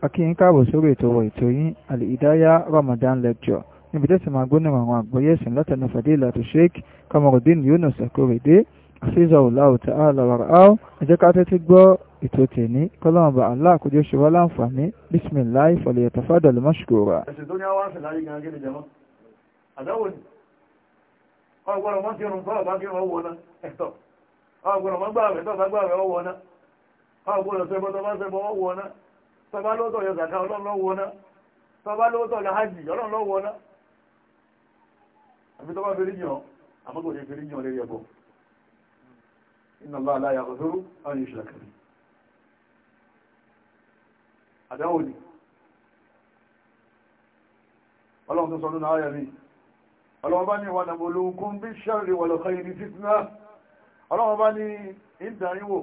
akíyín káàbọ̀ sórí ètò ọ̀rọ̀ ètò yín àlìdáyà Ramadan lecture níbi tẹ́sí máa gbóná àwọn àgbọ̀yé ẹ̀sìn látẹnu Fadilatu Sheikh Kamarudin Yunus Akorede àfihàn ọ̀làwọ̀ tá a lọ rà áwọ̀ ẹ jẹ́ ká tẹ́tí gbọ́ ètò tèmi kọ́lọ́mọba Allah àkójọ ṣe wá láǹfààní bisimilahi falyatafadal mashkura. ẹ̀sìn tó ní àwọn àṣẹ láyé gan-an gẹ́gẹ́ jẹ́mọ́ tọba lóòótọ́ yọ zàká ọlọ́run ló wọná tọba lóòótọ́ yọ hajj ọlọ́run ló wọná àbí tọba fèrè yàn àmọ́ kò ṣe fèrè yàn lórí ẹbọ inna Allah la yaghfiru an yushraka bihi àdáwò ni ọlọ́run tó sọ lónà ayà mi ọlọ́run bá ní wà nà mọ̀lúkún bí sharri wal khayri fitna ọlọ́run bá ní ìdáríwò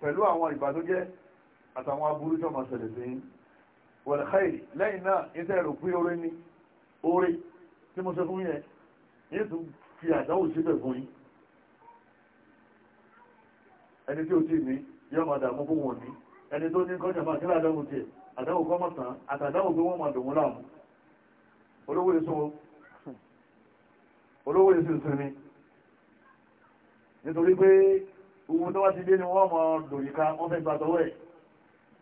pẹ̀lú àwọn ìbànújẹ́ àtàwọn aburú tó máa ṣẹlẹ̀ sí wọ̀lẹ̀káì lẹ́yìn náà ìtẹ́ ẹ̀rù pé orí ní orí tí mo ṣe fún yẹn yìí tún fi àdáwò síbẹ̀ fún yín ẹni tí ó ti ní yọ́ máa dàmú fún wọn ní ẹni tó ní kọjá máa kílá àdáwò tiẹ̀ àdáwò kọ́ máa tàn àtàdáwò pé wọ́n máa dùn wọn láàmú olówó èso olówó èso ìsinmi nítorí pé ohun tó wá ti dé ni wọ́n máa dòyìká wọ́n fẹ́ gbàtọ́wẹ́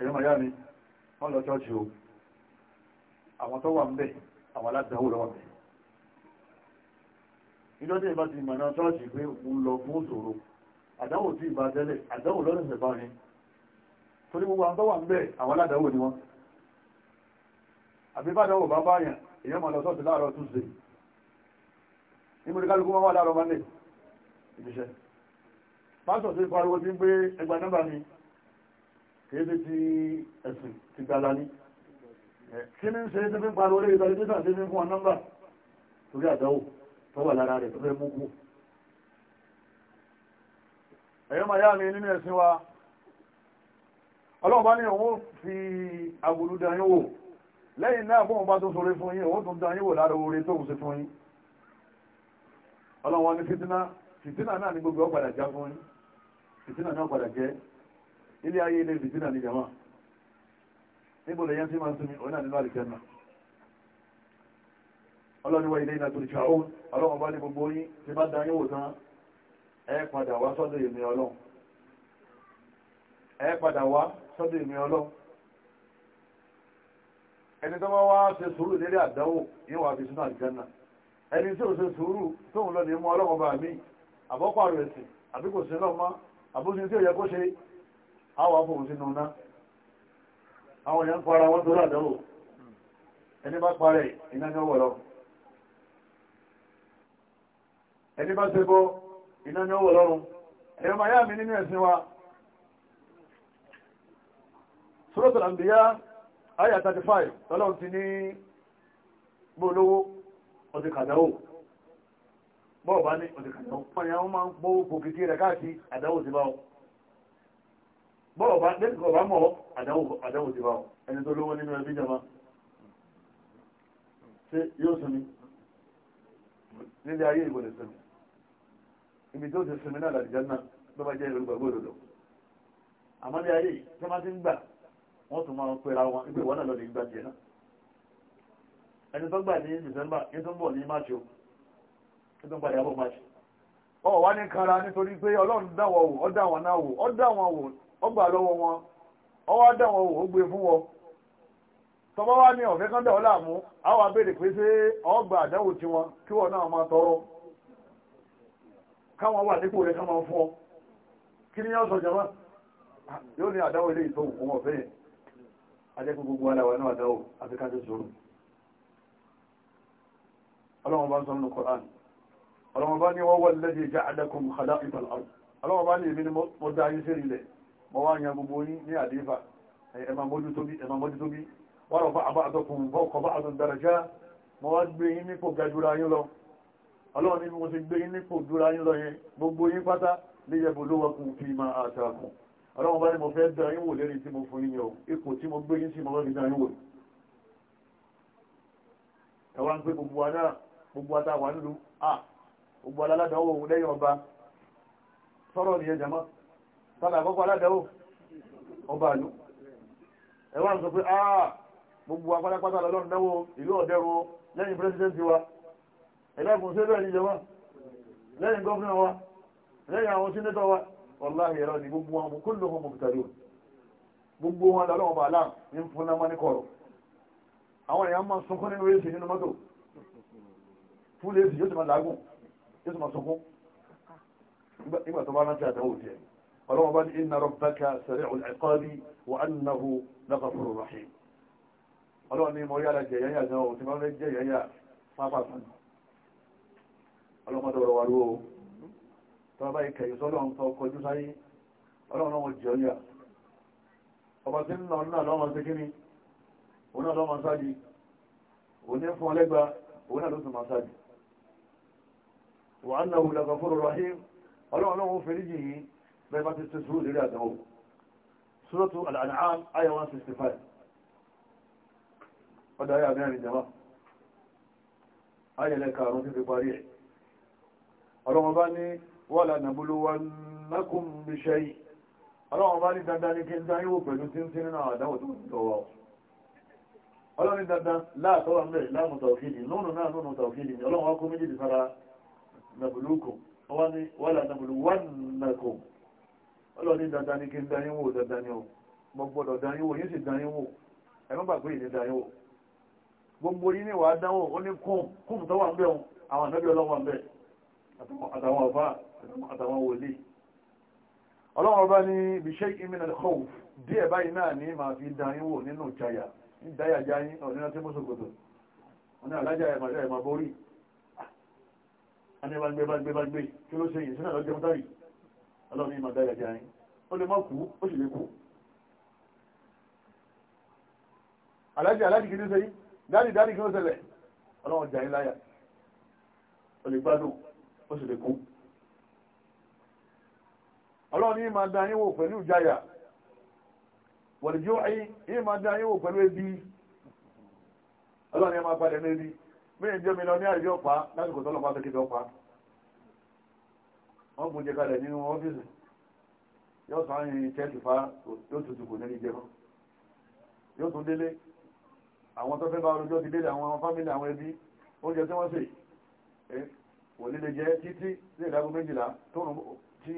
ẹ̀yọ́ màá yá mi wọ́n lọ ṣọ́ọ̀ṣì o àwọn tó wà ń bẹ̀ àwọn aládàáwò lọ́wọ́ bẹ̀ ìjọ tí ìbá ti mọ̀nà ṣọ́ọ̀ṣì pé mo lọ fún òṣòro àdáwò tí ìbá tẹ́lẹ̀ àdáwò lọ́rẹ̀ mẹ́fà ni Tuesday níbo ni kálukú máa wà láàárọ̀ Monday ìbíṣẹ́ pásọ̀ sí kìí ṣe ti ẹ̀sìn ti gbala ní kí ní ṣe tí fi ń parí orí ìbẹ̀rẹ̀ títà sí fi fún ọ̀nàmbà torí àdáwò tó wà lára rẹ̀ tó fẹ́ mú kú ẹ̀yọ́ ma yá mi nínú ẹ̀sìn wa ọlọ́ọ̀bá ní òun fi agbúrú dányíwò lẹ́yìn náà bóun bá tó sọ̀rọ̀ fún yín òun tó dányíwò lára orí tó ṣe fún yín ọlọ́wọ́n ní fìtínà fìtínà náà ní gbogbo ọ̀padà já fún yín fìtínà náà ilé ayé ilé ìbìtínà ní jama níbo lè yẹn sí máa súnmi òun náà nínú àlìkẹ́nà ọlọ́niwọ̀ ilé iná tó ìṣà òun ọlọ́run bá ní gbogbo yín tí bá dá yíwò tán ẹ padà wá sọ́dọ̀ èmi ọlọ́run ẹ padà wá sọ́dọ̀ èmi ọlọ́run ẹni tó bá wá ṣe sùúrù nílé àdánwò yíò wà fi sínú àlìkẹ́nà ẹni tí ò ṣe sùúrù tóun lọ ní mú ọlọ́run bá mi àbọ́pàá rẹ̀ sí àbíkò sí lọ́mọ àbúṣe tí ò yẹ kó ṣe àwọ̀ fòun sínú ná àwọn èèyàn para wọ́n tó ràdánwò ẹni bá parẹ̀ ìnájọ́ wọ̀lọ́ ẹni bá ṣe bọ́ ìnájọ́ wọ̀lọ́run ẹ̀yọ́ ya mi nínú ẹ̀sìn wa Suratul Anbiya ayà 35 tọ́lọ́run ti ní gbólówó ọdí kàdáwò bọ́ọ̀bá ní ọdí kàdáwò bọ́ọ̀ bá lẹ́kọ̀ọ́ bá mọ̀ àdáwò ti bá wọn ẹni tó lówó nínú ẹbí jama ṣe yóò sinmi nílé ayé ìwò lè sinmi ibi tó ti sinmi náà làdìjá náà ló bá jẹ́ ìlú gbàgbọ́ òdòdó àmọ́ ní ayé tí wọ́n ti ń gbà wọ́n tún máa pera wọn ibi ìwọ́n náà lọ lè gbà jẹ náà ẹni tó gbà ní December ní tó ń bọ̀ ní March o ní tó ń padà bọ̀ March ọ̀ ní kanra nítorí pé Ọlọ́run dáwọ̀ wò ọ́ náà wò ọ́ ọgbà lọ́wọ́ wọn ọwọ́ dáwọn òun gbé fún wọn tọba wá ní ọ̀fẹ́ kan dáwọ́ láàmú àwọn abẹ́rẹ̀ pé ṣé ọgbà àdáwò tí wọn kí wọn náà máa tọrọ káwọn wà nípò rẹ̀ káwọn fún ọ kí ni yọ́ sọ jọba yóò ní àdáwò ilé ìtò òun ọ̀fẹ́ yẹn ajẹ́kùn gbogbo aláwọ̀ náà àdáwò àti kájọ sọ̀rọ̀ ọlọ́wọ́n bá ń sọ nínú Kọ̀rán ọlọ́wọ́n bá ní wọ́n wọ́n lẹ́dí ja'alakum khala'ifa mọ́ wá yan gbogbo yín ní àdífà ẹ máa mójú tó bí ẹ máa mójú tó bí wọ́n rọ̀ bá àbá àtọkùn bọ́ ọkọ̀ bá àtọ̀ dàràjá mọ́ wá gbé yín nípò ga jura yín lọ ọlọ́run ní mo ti gbé yín nípò jura yín lọ yẹn gbogbo yín pátá lè yẹ bolówakùn fi máa jama sọ́nà àkọ́kọ́ aládẹ́wò ọba àlú ẹ̀wọ́n ń sọ pé áà gbogbo apátápátá lọ́lọ́run dáwò ìlú ọ̀dẹ́rò lẹ́yìn pírẹsidẹ́ntì wa ẹ̀lẹ́kùn sí lẹ́yìn ìjọba lẹ́yìn gọ́fìnà wa lẹ́yìn àwọn sínétọ̀ wa wàláhì ẹ̀rọ ni gbogbo wọn kó lóhun mọ̀kítàrí gbogbo wọn lọ́lọ́run ọba aláà ní fúnná mọ́ ní kọ̀rọ̀ àwọn èèyàn máa sunkún nínú èsì nínú mọ́tò fún èsì yóò ti máa làágùn yóò ti máa sunkún nígbà tó bá rántí àtẹ̀wò tiẹ̀ ọlọ́wọ́ bá ní inna rabbaka sari'ul iqabi wa annahu laghafurur rahim ọlọ́wọ́ ní mọ̀ yára jẹ̀yẹ́yà náà ò ti máa fẹ́ jẹ̀yẹ́yà fáfàfàn ọlọ́mọdé ọ̀rọ̀ wàrú o tọ́wọ́ bá ikẹ̀ ìsọ́lọ́run tọ́ kọjú sáyé ọlọ́run wọn jẹ̀yẹ́yà ọba tí ń lọ náà lọ́mọ sí kíní òun náà lọ́mọ sáàjì òun ní fún ọlẹ́gba òun náà ló sì máa sáàjì wa annahu laghafurur rahim ọlọ́run náà ó fẹ́ríjì yìí bẹ́ẹ̀ bá ti ṣe sùúrù lérí àdánwò Suratu Al-An'am ayah 165 ọdọ̀ ayah mẹ́rin jama ayah lẹ́ka àrùn fífi parí ẹ̀ ọlọ́wọ́n bá ní wala nabluwannakum bi shay' ọlọ́wọ́n bá ní dandan ní kí n dáyé wò pẹ̀lú tí ń tí nínú àdánwò tó ń tọ́wọ́ ọlọ́wọ́n ní dandan láàtọ́wà mẹ́rin láàmù tàwíìdì lónù náà lónù tàwíìdì ọlọ́wọ́n kó méjì sára nabluwakum wọ́n ní wala nabluwannakum ọlọ́ni dandan ní kí n darí wò dandan ní o mo gbọ́dọ̀ darí wò yín sì darí wò ẹ má gbàgbé ìdí darí wò gbogbo yín ní wàá dánwò ó ní kún kún tó wà ń bẹ̀ wọn àwọn ànábì ọlọ́wọ́ ń bẹ̀ àtàwọn ọba àtàwọn wòlíì ọlọ́wọ́ ọba ní ibi ṣe ìmìnà kọ́wù díẹ̀ báyìí náà ní màá fi darí wò nínú ìjayà ń dáyà já ọ̀nà tí mo sòkòtò ọ̀nà ọlọ́run ní mọ̀dá ẹ̀jẹ̀ ayín ó lè mọ́ kú ó sì lè kú aláàjì aláàjì kìí sẹ́yìn dáàdì dáàdì kí ó ṣẹlẹ̀ ọlọ́run jà ní láyà ó lè gbádùn ó sì lè kú ọlọ́run ní máa dá yín wò pẹ̀lú ìjáyà wọ̀lẹ̀jọ́ ayín yín máa dá yín wò pẹ̀lú ebi ọlọ́run ní máa padà ní ebi mí wọ́n gbóúnjẹ kalẹ̀ nínú ọ́fíìsì yóò sọ àárín chẹ́ẹ̀kì fa yóò tutù kò nílé jẹ́ yóò tún délé àwọn tó fẹ́ bá ọlọ́jọ́ ti délé àwọn fámílì àwọn ẹbí oúnjẹ tí wọ́n sè kò nílé jẹ́ títí ní ìdágún méjìlá tí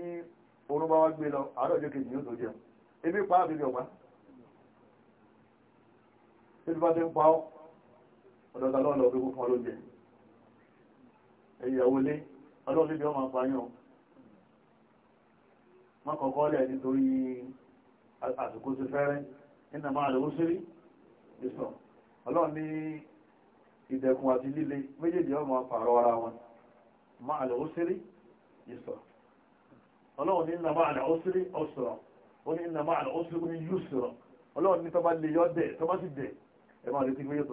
oorun bá wá gbé lọ àárọ̀ kejì yóò tó jẹun ebi pa àbíbi ọ̀pá tí bá ti ń pa ọ́ ọ̀dọ̀ta lọ́ọ̀lọ́ ọ̀gbẹ́gbẹ́ fún ọlọ́jẹ ẹ̀yàwó lé ọlọ́ọ̀lẹ́bí ọmọ àpáyàn má kọ̀kọ́ lẹ̀ nítorí àsìkò ti fẹ́rẹ́ nínú máa lè wúsírí ìsọ̀ ọlọ́run ní ìdẹ̀kùn àti líle méjèèjì ọmọ pààrọ̀ ara wọn máa lè wúsírí ìsọ̀ ọlọ́run ní ìnà máa lè wúsírí ọ̀sọ̀rọ̀ ó ní ìnà máa lè wúsírí ní yúsọ̀rọ̀ ọlọ́run ní tọ́ba lè yọ dẹ̀ tọ́ba sì dẹ̀ ẹ máa lè ti gbéyẹ̀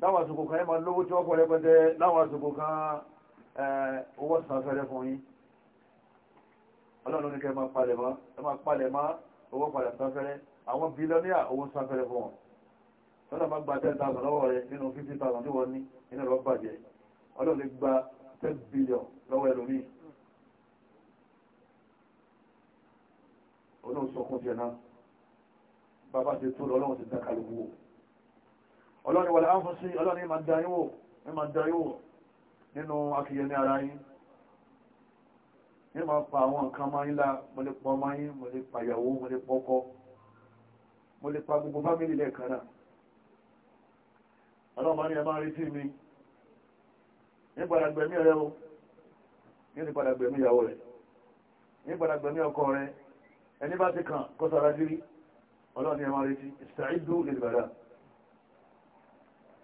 láwọn àsìkò kan ẹ máa lówó tí wọ́n pọ̀ rẹpẹtẹ láwọn àsìkò kan owó san fẹ́rẹ́ fún yín ọlọ́run ní kẹ́ máa palẹ̀ mọ́ ẹ máa palẹ̀ mọ́ owó padà san fẹ́rẹ́ àwọn bílíọ̀nìyà owó san fẹ́rẹ́ fún wọn lọ́nà máa gba ten thousand lọ́wọ́ rẹ nínú fifty thousand tí wọ́n ní nínú ọ̀rọ̀ bàjẹ́ ọlọ́run gba ten billion lọ́wọ́ ẹlòmíì olóòsọkùn jẹ náà bàbá ti tó lọ́wọ́ ti dá kálukú wò ọlọ́ni wọlé ánfọ́sí ọlọ́ni ma dáyíwò ní ma dáyíwò nínú akìyẹ ní ara yín ní ma pa àwọn nǹkan máa yínlá mo lè pọ máa yín mo lè pàyàwó mo lè pọ́kọ́ mo lè pa gbogbo fámílì lẹ́ẹ̀kan náà ọlọ́mọ ní ẹ máa retí mi ní padà gbẹ̀mí rẹ o ní ti padà gbẹ̀mí ìyàwó rẹ ní padà gbẹ̀mí ọkọ rẹ ẹni bá ti kàn kọ́sára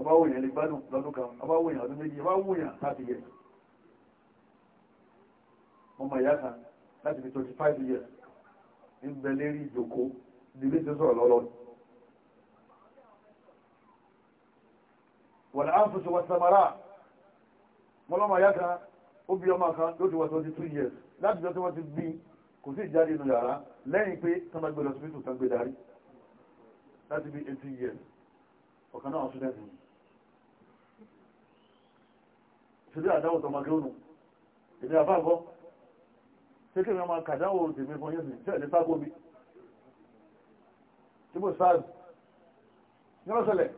ọbáwòyàn lè gbádùn lọ́dún kan ọbáwòyàn ọdún méjì ọbáwòyàn láti yẹ ọmọ ìyá kan láti fi 25 years ń bẹ lérí ìjòkó ìdílé tó sọ̀rọ̀ lọ́lọ́ wọ̀n áfùsù wọn samara mọ́lọ́mọ ìyá kan ó bí ọmọ kan ló ti wọ 22 years láti jọ tí wọ́n ti bí kò sí ìjáde inú yàrá lẹ́yìn pé tọ́nà gbé lọ sí ìtù tán gbé láti bí 18 years ọ̀kan náà ọ̀sùn lẹ́sìn torí àdáwò tọmọdé ònù èdè àfáàgbọ́ kékeré ọmọ kàdáwò tèmi fún yẹn tí ẹ̀lẹ́ sáàgbó mi tí mo sáàrù ní ọ̀sẹ̀lẹ̀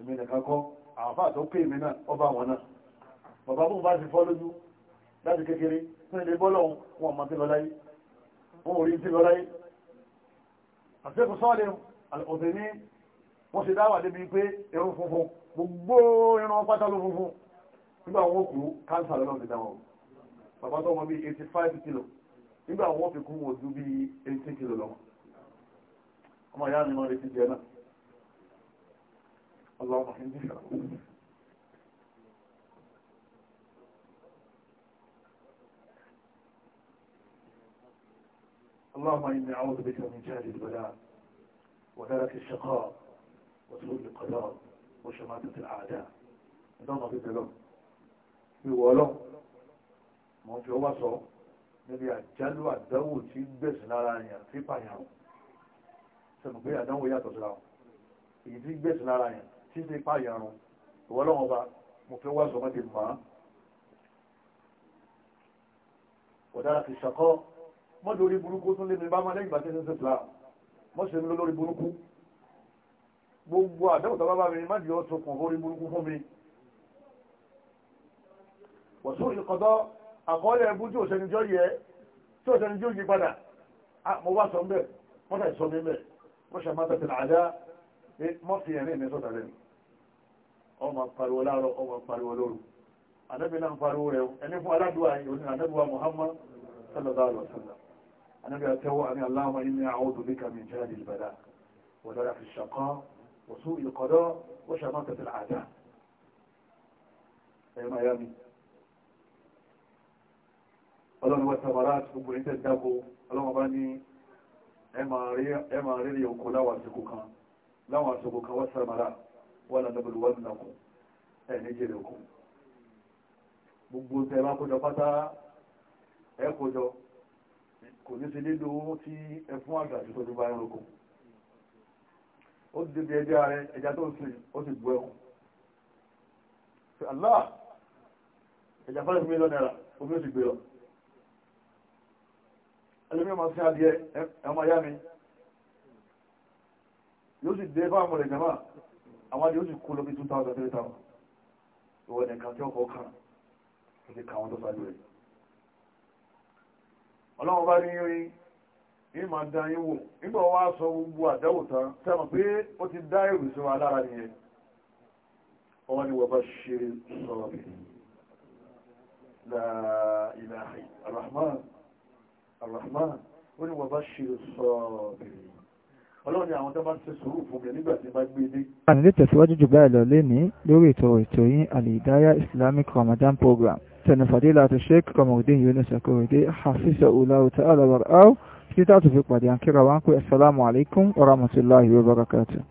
èmi nìkan kọ́ àfáà tó pé èmi náà ọba wọn náà bàbá mú bá ti fọ́ lójú láti kékeré fún ilé bọ́lọ̀ wọn mọ̀ sí lọ láyé wọn ò rí sí lọ láyé àti ẹkùn sọ́ọ̀lẹ̀ òtẹ̀ ní wọ́n ṣe dáwà débi pé ẹrú funfun gbogbo ìran pátá ló funfun nígbà wọn kú káńsà lọ́nà ti dáwọn bàbá tó wọn bí 85 kilo nígbà wọn fi kú wọn ju bí 80 kilo lọ́wọ́ ọmọ ìyá mi máa retí jẹ náà ọlọ́mọ ìdí اللهم إني أعوذ بك من جهل البلاء ودرك الشقاء وسوء القدر وشماتة الأعداء ندعنا في بلون في ولون mo fi ọwọ́ sọ níbi àjálù àdánwò tí ń gbèsè lára yẹn tí pàyàn sẹ́nu pé àdánwò yàtọ̀ síra wọn èyí tí gbèsè lára yẹn tí ṣe pàyàn rún ìwọ lọ́wọ́n bá mo fi ọwọ́ sọ mọ́tì mọ́ ọ̀dára ti ṣàkọ́ mọ́tì orí burúkú tún lé mi bá mọ́ lẹ́yìn bá tẹ́sí gbogbo àdẹ́kùtà bàbá mi má jẹ́ ọ̀tọ̀kùn orí burúkú fún mi wọ̀sùn ìkọ̀dọ́ àkọọ́lẹ̀ ẹbú tí òṣèlú jọ yẹ tí òṣèlú jọ yí padà mo wá sọ mbẹ́ wọ́n tàì sọ mi mbẹ́ wọ́n ṣe máa tẹ̀sẹ̀ àdá mọ́ fi ẹ̀rín sọ́tà lẹ́nu ọmọ pariwo láàárọ̀ ọmọ pariwo lóru وسوء القضاء وشماتة العداء أي ميامي ọlọ́run wẹ́sàbàrá àti gbogbo ní tẹ́dágbó ọlọ́run bá ní ẹmà rírí òkú láwọn àsìkò kan láwọn àsìkò kan wẹ́sàbàrá wà lọ́dọ̀bọ̀lù wà nìlàkùn ẹni jẹ́rẹ̀ òkú gbogbo tẹ́lá kójọ pátá ẹkójọ kò ní sí lílo tí ẹfún àgbà ti tọ́jú bá ẹrùn òkú ó ti débi ẹja rẹ ẹja tó ń sìn ó ti bu ẹkùn ṣe aláà ẹja fẹ́rẹ̀ fún mi lọ náírà omi ó ti gbé lọ ẹlẹ́mí ọmọ sí adìẹ ẹmọ ayá mi yóò sì dé fáwọn ọmọ rẹ̀ jẹ́mà àwọn adìẹ ó sì kú lọ bí 2000 3000 ìwọ ẹ̀ka tí ọkọ̀ kan ó ti kà wọn tó sáájú rẹ̀ ọlọ́run bá ní orin ìmọ̀ dáyín wò nígbà wá sọ gbogbo àdáwò tán tẹ́mọ̀ pé ó ti dá ìrù sí wa lára nìyẹn wọ́n ni wọ́n bá ṣe sọ̀rọ̀ bí láàrín Ar-Rahman Ar-Rahman wọ́n bá ṣe sọ̀rọ̀ ọlọ́ni àwọn tó bá ti sùúrù fún mi nígbà tí bá gbé dé. a nílé tẹ̀síwájú jù báyìí lọ lénìí lórí ètò ètò yín Al-Hidayah Islamic Ramadan Program tẹnifàdé láti Sheikh títí tá a fi pàdé àkírà wa ń pè assalamu alaikum wa rahmatullahi wa barakatuh.